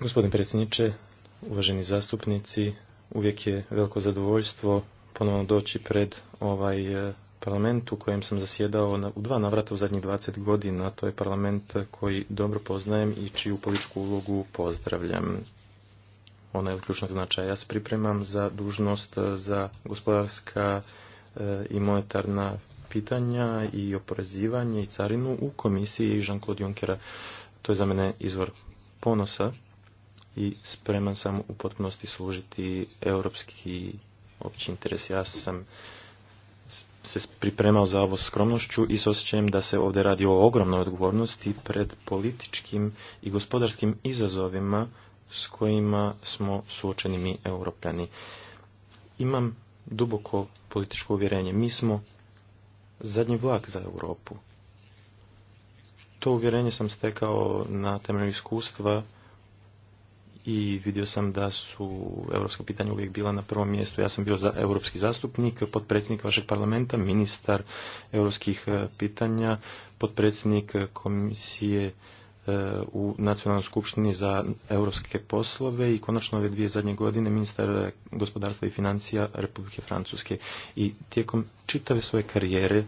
Gospodin predsjedniče, uvaženi zastupnici, uvijek je veliko zadovoljstvo ponovno doći pred ovaj eh, parlament u kojem sam zasjedao u dva navrata u zadnjih 20 godina. To je parlament koji dobro poznajem i čiju političku ulogu pozdravljam. Ona je od ključnog značaja. Ja se pripremam za dužnost eh, za gospodarska eh, i monetarna pitanja i oporezivanje i carinu u komisiji Jean-Claude Junckera. To je za mene izvor ponosa i spreman sam u potpunosti služiti europski opći interes. Ja sam se pripremao za ovo skromnošću i s osjećajem da se ovdje radi o ogromnoj odgovornosti pred političkim i gospodarskim izazovima s kojima smo suočeni mi europljani. Imam duboko političko uvjerenje. Mi smo zadnji vlak za Europu. To uvjerenje sam stekao na temelju iskustva i vidio sam da su europska pitanja uvijek bila na prvom mjestu. Ja sam bio za europski zastupnik, potpredsjednik vašeg parlamenta, ministar europskih e, pitanja, potpredsjednik e, komisije e, u Nacionalnoj skupštini za europske poslove i konačno ove dvije zadnje godine ministar gospodarstva i financija Republike Francuske. I tijekom čitave svoje karijere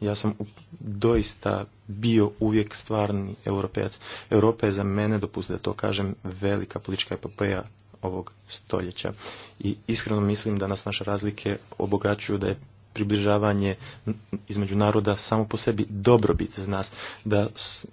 ja sam doista bio uvijek stvarni europejac. Europa je za mene, dopustite da to kažem, velika politička epopeja ovog stoljeća. I iskreno mislim da nas naše razlike obogaćuju, da je približavanje između naroda samo po sebi dobrobit za nas, da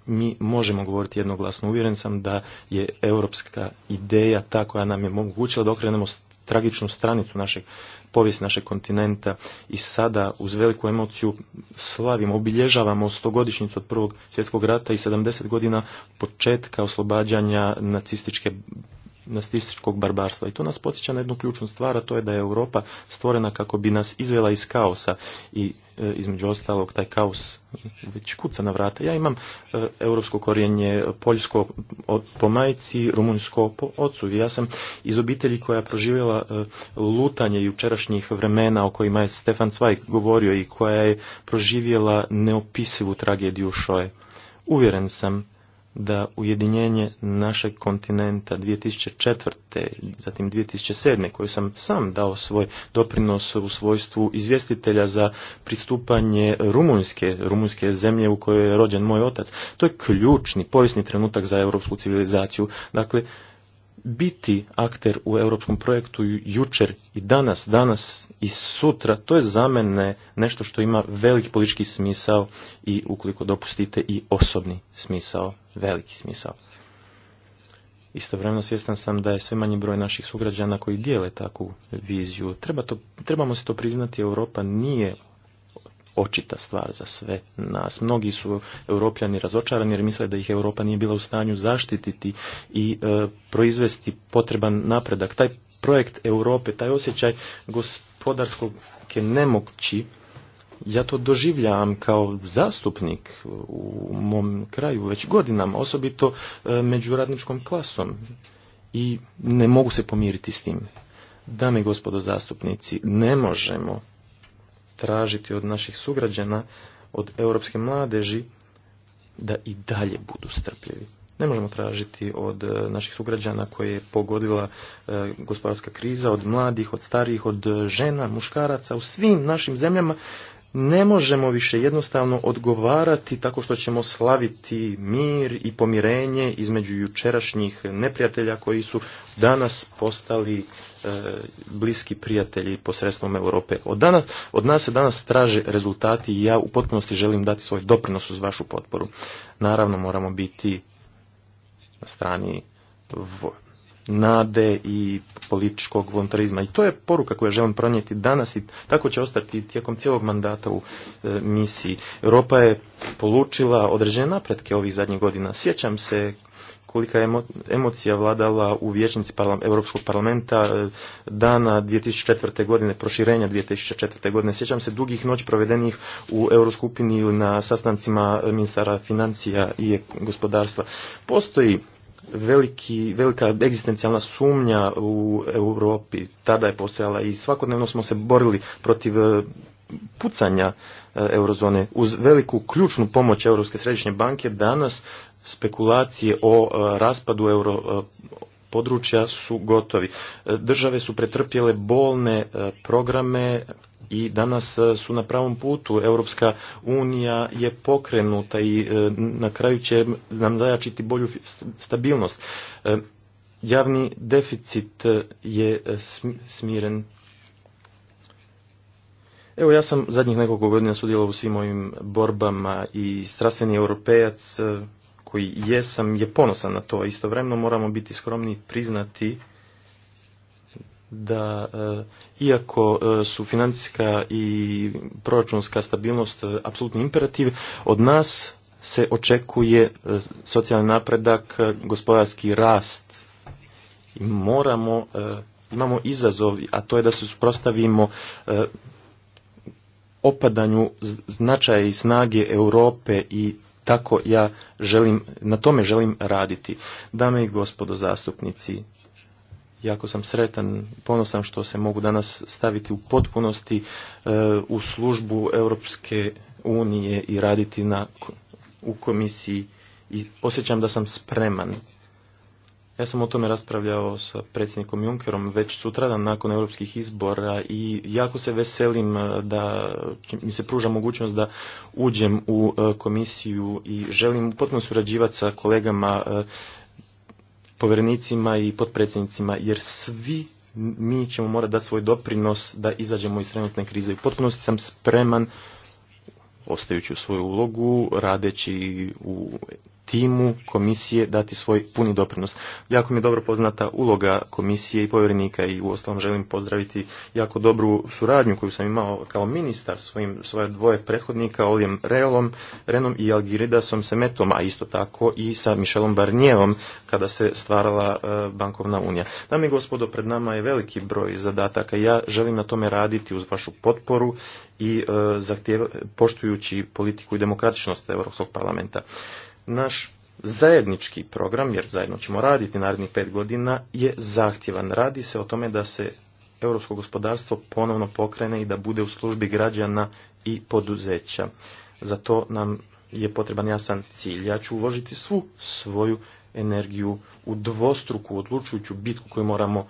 mi možemo govoriti jednoglasno. Uvjeren sam da je europska ideja ta koja nam je mogućila da okrenemo tragičnu stranicu našeg povijesti našeg kontinenta i sada uz veliku emociju slavimo, obilježavamo stogodišnjicu od prvog svjetskog rata i 70 godina početka oslobađanja nacističke nastističkog barbarstva. I to nas podsjeća na jednu ključnu stvar, a to je da je Europa stvorena kako bi nas izvela iz kaosa i e, između ostalog taj kaos već kuca na vrata. Ja imam e, europsko korijenje, poljsko po majici, rumunjsko po ocu. Ja sam iz obitelji koja proživjela e, lutanje jučerašnjih vremena o kojima je Stefan Cvajk govorio i koja je proživjela neopisivu tragediju Šoje. Uvjeren sam da ujedinjenje našeg kontinenta 2004. zatim 2007. koju sam sam dao svoj doprinos u svojstvu izvjestitelja za pristupanje Rumunjske, Rumunjske zemlje u kojoj je rođen moj otac. To je ključni, povijesni trenutak za europsku civilizaciju. Dakle, biti akter u europskom projektu jučer i danas, danas i sutra, to je za mene nešto što ima veliki politički smisao i ukoliko dopustite i osobni smisao, veliki smisao. Istovremeno svjestan sam da je sve manji broj naših sugrađana koji dijele takvu viziju. Treba to, trebamo se to priznati, Europa nije očita stvar za sve nas. Mnogi su europljani razočarani jer misle da ih Europa nije bila u stanju zaštititi i e, proizvesti potreban napredak. Taj projekt Europe, taj osjećaj gospodarskog nemoći, ja to doživljam kao zastupnik u mom kraju već godinama, osobito e, među radničkom klasom i ne mogu se pomiriti s tim. Dame i gospodo zastupnici, ne možemo tražiti od naših sugrađana, od europske mladeži, da i dalje budu strpljivi. Ne možemo tražiti od e, naših sugrađana koje je pogodila e, gospodarska kriza, od mladih, od starijih, od e, žena, muškaraca, u svim našim zemljama ne možemo više jednostavno odgovarati tako što ćemo slaviti mir i pomirenje između jučerašnjih neprijatelja koji su danas postali e, bliski prijatelji posredstvom Europe. Od, od nas se danas traže rezultati i ja u potpunosti želim dati svoj doprinos uz vašu potporu. Naravno moramo biti na strani nade i političkog voluntarizma. I to je poruka koju želim pronijeti danas i tako će ostati tijekom cijelog mandata u e, misiji. Europa je polučila određene napretke ovih zadnjih godina. Sjećam se kolika je emocija vladala u vječnici Europskog parlamenta e, dana 2004. godine, proširenja 2004. godine. Sjećam se dugih noć provedenih u Euroskupini ili na sastancima ministara financija i gospodarstva. Postoji veliki, velika egzistencijalna sumnja u Europi. Tada je postojala i svakodnevno smo se borili protiv e, pucanja e, eurozone. Uz veliku ključnu pomoć Europske središnje banke danas spekulacije o e, raspadu euro područja su gotovi. Države su pretrpjele bolne programe i danas e, su na pravom putu. Europska unija je pokrenuta i e, na kraju će nam zajačiti bolju stabilnost. E, javni deficit je smiren. Evo ja sam zadnjih nekoliko godina sudjelovao u svim ovim borbama i strastveni europejac koji jesam je ponosan na to. Istovremeno moramo biti skromni priznati da e, iako e, su financijska i proračunska stabilnost e, apsolutni imperativ, od nas se očekuje socijalni napredak, gospodarski rast i moramo, imamo izazov, a to je da se suprostavimo opadanju značaja i snage Europe i tako ja želim, na tome želim raditi. Dame i gospodo zastupnici, jako sam sretan, ponosan što se mogu danas staviti u potpunosti e, u službu Europske unije i raditi na, u komisiji i osjećam da sam spreman. Ja sam o tome raspravljao sa predsjednikom Junkerom već sutradan nakon europskih izbora i jako se veselim e, da mi se pruža mogućnost da uđem u e, komisiju i želim potpuno surađivati sa kolegama povjerenicima i potpredsjednicima, jer svi mi ćemo morati dati svoj doprinos da izađemo iz trenutne krize. U potpunosti sam spreman, ostajući u svoju ulogu, radeći u timu komisije dati svoj puni doprinos. Jako mi je dobro poznata uloga komisije i povjerenika i u ostalom želim pozdraviti jako dobru suradnju koju sam imao kao ministar svojim, svoje dvoje prethodnika Olijem Relom, Renom i Algiridasom Semetom, a isto tako i sa Mišelom Barnijevom kada se stvarala e, bankovna unija. Dame i gospodo, pred nama je veliki broj zadataka. Ja želim na tome raditi uz vašu potporu i e, poštujući politiku i demokratičnost Europskog parlamenta naš zajednički program, jer zajedno ćemo raditi narednih pet godina, je zahtjevan. Radi se o tome da se europsko gospodarstvo ponovno pokrene i da bude u službi građana i poduzeća. Za to nam je potreban jasan cilj. Ja ću uložiti svu svoju energiju u dvostruku odlučujuću bitku koju moramo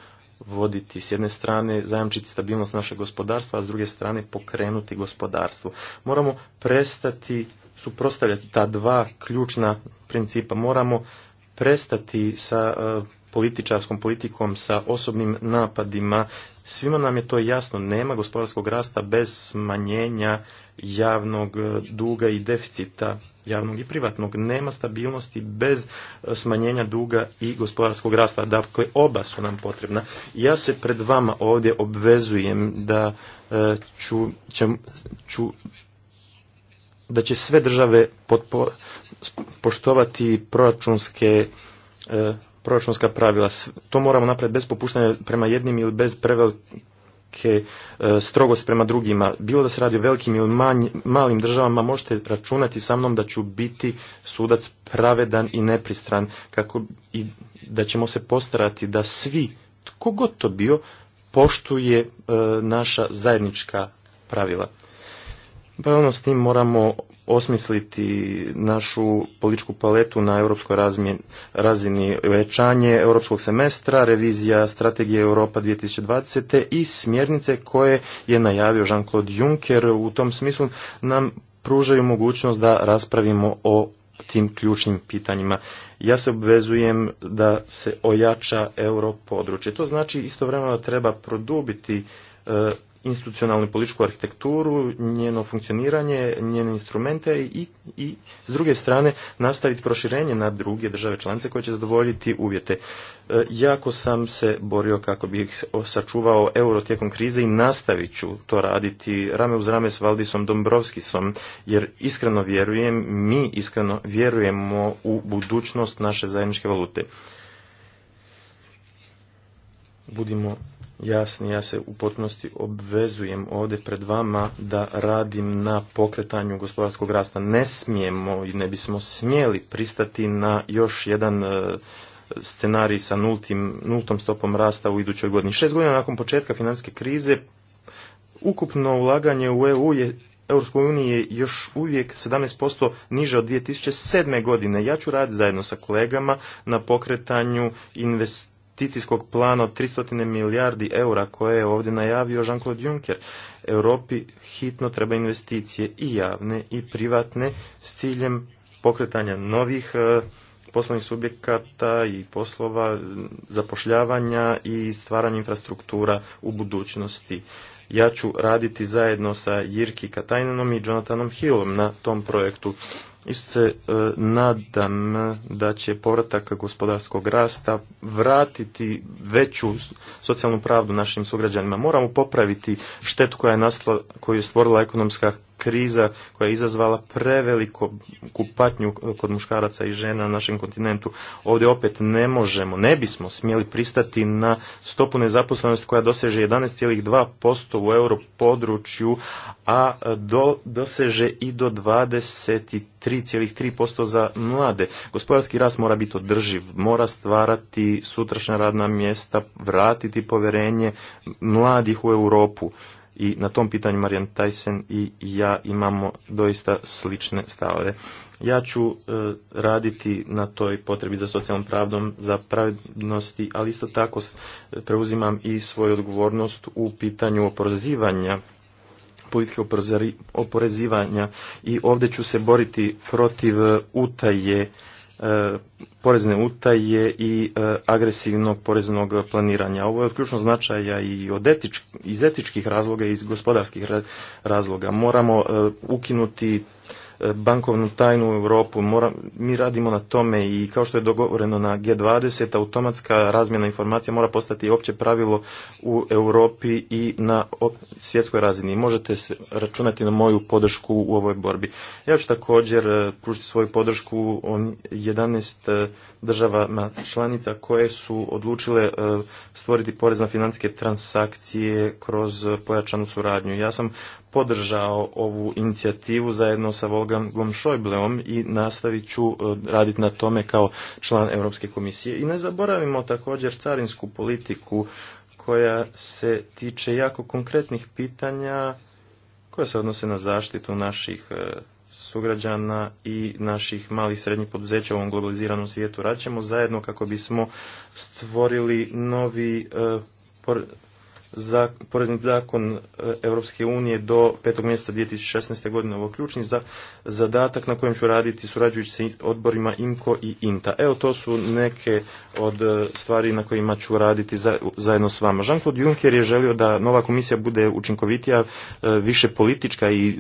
voditi s jedne strane zajamčiti stabilnost našeg gospodarstva, a s druge strane pokrenuti gospodarstvo. Moramo prestati suprotstavljati ta dva ključna principa. Moramo prestati sa e, političarskom politikom, sa osobnim napadima. Svima nam je to jasno. Nema gospodarskog rasta bez smanjenja javnog e, duga i deficita javnog i privatnog. Nema stabilnosti bez e, smanjenja duga i gospodarskog rasta. Dakle, oba su nam potrebna. Ja se pred vama ovdje obvezujem da e, ću, će, ću da će sve države poštovati proračunske e, proračunska pravila. To moramo napraviti bez popuštanja prema jednim ili bez prevel, strogo e, strogost prema drugima. Bilo da se radi o velikim ili malim državama, možete računati sa mnom da ću biti sudac pravedan i nepristran, kako i da ćemo se postarati da svi, tko god to bio, poštuje e, naša zajednička pravila. Paralelno s tim moramo osmisliti našu političku paletu na europskoj razini većanje europskog semestra, revizija strategije Europa 2020. i smjernice koje je najavio Jean-Claude Juncker. U tom smislu nam pružaju mogućnost da raspravimo o tim ključnim pitanjima. Ja se obvezujem da se ojača europodručje. To znači istovremeno treba produbiti e, institucionalnu političku arhitekturu, njeno funkcioniranje, njene instrumente i, i s druge strane nastaviti proširenje na druge države članice koje će zadovoljiti uvjete. E, jako sam se borio kako bih sačuvao euro tijekom krize i nastavit ću to raditi rame uz rame s Valdisom Dombrovskisom jer iskreno vjerujem, mi iskreno vjerujemo u budućnost naše zajedničke valute. Budimo jasni. Ja se u potpunosti obvezujem ovdje pred vama da radim na pokretanju gospodarskog rasta. Ne smijemo i ne bismo smjeli pristati na još jedan e, scenarij sa nultim, nultom stopom rasta u idućoj godini. Šest godina nakon početka financijske krize ukupno ulaganje u EU je Europskoj uniji još uvijek 17% niže od 2007. godine. Ja ću raditi zajedno sa kolegama na pokretanju invest investicijskog plana od 300 milijardi eura koje je ovdje najavio Jean-Claude Juncker. Europi hitno treba investicije i javne i privatne s ciljem pokretanja novih e, poslovnih subjekata i poslova zapošljavanja i stvaranja infrastruktura u budućnosti. Ja ću raditi zajedno sa Jirki Katajnenom i Jonathanom Hillom na tom projektu. Isto se e, nadam da će povratak gospodarskog rasta vratiti veću socijalnu pravdu našim sugrađanima. Moramo popraviti štetu koja je nastala, koju je stvorila ekonomska kriza koja je izazvala preveliku kupatnju kod muškaraca i žena na našem kontinentu. Ovdje opet ne možemo, ne bismo smjeli pristati na stopu nezaposlenosti koja doseže 11,2% u europodručju, a do, doseže i do 23,3% za mlade. Gospodarski rast mora biti održiv, mora stvarati sutrašnja radna mjesta, vratiti povjerenje mladih u Europu i na tom pitanju Marijan Tajsen i ja imamo doista slične stavove. Ja ću e, raditi na toj potrebi za socijalnom pravdom, za pravednosti, ali isto tako preuzimam i svoju odgovornost u pitanju oporezivanja politike oporezivanja i ovdje ću se boriti protiv e, utaje E, porezne utaje i e, agresivnog poreznog planiranja. Ovo je od značaja i od iz etičkih razloga i iz gospodarskih razloga. Moramo e, ukinuti E, bankovnu tajnu u Europu. mi radimo na tome i kao što je dogovoreno na G20, automatska razmjena informacija mora postati opće pravilo u Europi i na svjetskoj razini. Možete se računati na moju podršku u ovoj borbi. Ja ću također e, pružiti svoju podršku 11 e, državama članica koje su odlučile stvoriti porez na financijske transakcije kroz pojačanu suradnju. Ja sam podržao ovu inicijativu zajedno sa Volgangom Šojbleom i nastavit ću e, raditi na tome kao član Europske komisije. I ne zaboravimo također carinsku politiku koja se tiče jako konkretnih pitanja koja se odnose na zaštitu naših e, sugrađana i naših malih srednjih poduzeća u ovom globaliziranom svijetu. Radit ćemo zajedno kako bismo stvorili novi e, za, porezni zakon Europske unije do 5. mjeseca 2016. godine. Ovo ključni za, zadatak na kojem ću raditi surađujući se odborima IMCO i INTA. Evo to su neke od e, stvari na kojima ću raditi zajedno s vama. Jean-Claude Juncker je želio da nova komisija bude učinkovitija, e, više politička i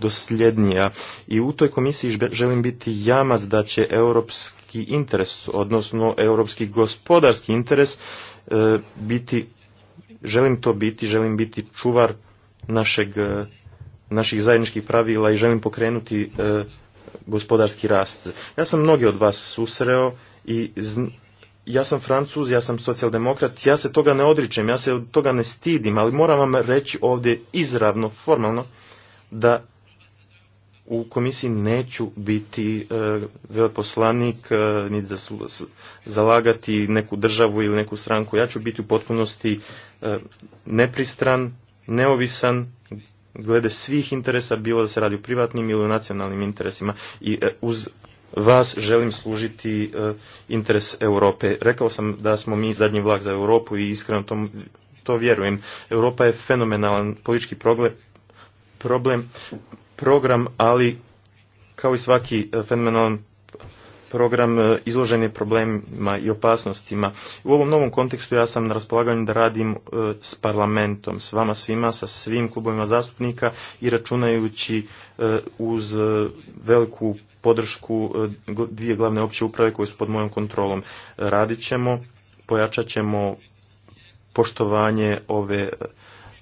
dosljednija. I u toj komisiji želim biti jamac da će europski interes, odnosno europski gospodarski interes, e, biti želim to biti, želim biti čuvar našeg, e, naših zajedničkih pravila i želim pokrenuti e, gospodarski rast. Ja sam mnoge od vas susreo i ja sam francuz, ja sam socijaldemokrat, ja se toga ne odričem, ja se od toga ne stidim, ali moram vam reći ovdje izravno, formalno, da u komisiji neću biti e, veleposlanik e, niti zalagati neku državu ili neku stranku. Ja ću biti u potpunosti e, nepristran, neovisan glede svih interesa, bilo da se radi o privatnim ili nacionalnim interesima. I e, uz vas želim služiti interes Europe. Rekao sam da smo mi zadnji vlak za Europu i iskreno to, to vjerujem. Europa je fenomenalan politički problem, problem program, ali kao i svaki e, fenomenalan program e, izložen je problemima i opasnostima. U ovom novom kontekstu ja sam na raspolaganju da radim e, s parlamentom, s vama svima, sa svim klubovima zastupnika i računajući uz veliku podršku dvije glavne opće uprave koje su pod mojom kontrolom. Radit ćemo, pojačat ćemo poštovanje ove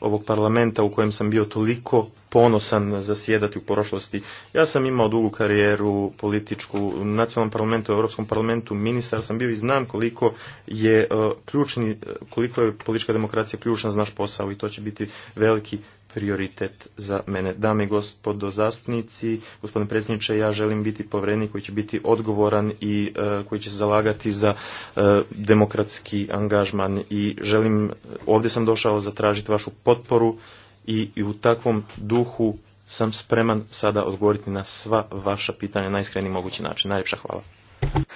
ovog parlamenta u kojem sam bio toliko ponosan zasjedati u prošlosti. Ja sam imao dugu karijeru političku u nacionalnom parlamentu, u Europskom parlamentu, ministar sam bio i znam koliko je e, ključni, koliko je politička demokracija ključna za naš posao i to će biti veliki prioritet za mene. Dame i gospodo zastupnici, gospodine predsjedniče, ja želim biti povrednik koji će biti odgovoran i e, koji će se zalagati za e, demokratski angažman i želim, ovdje sam došao zatražiti vašu potporu i, u takvom duhu sam spreman sada odgovoriti na sva vaša pitanja na iskreni mogući način. Najljepša hvala.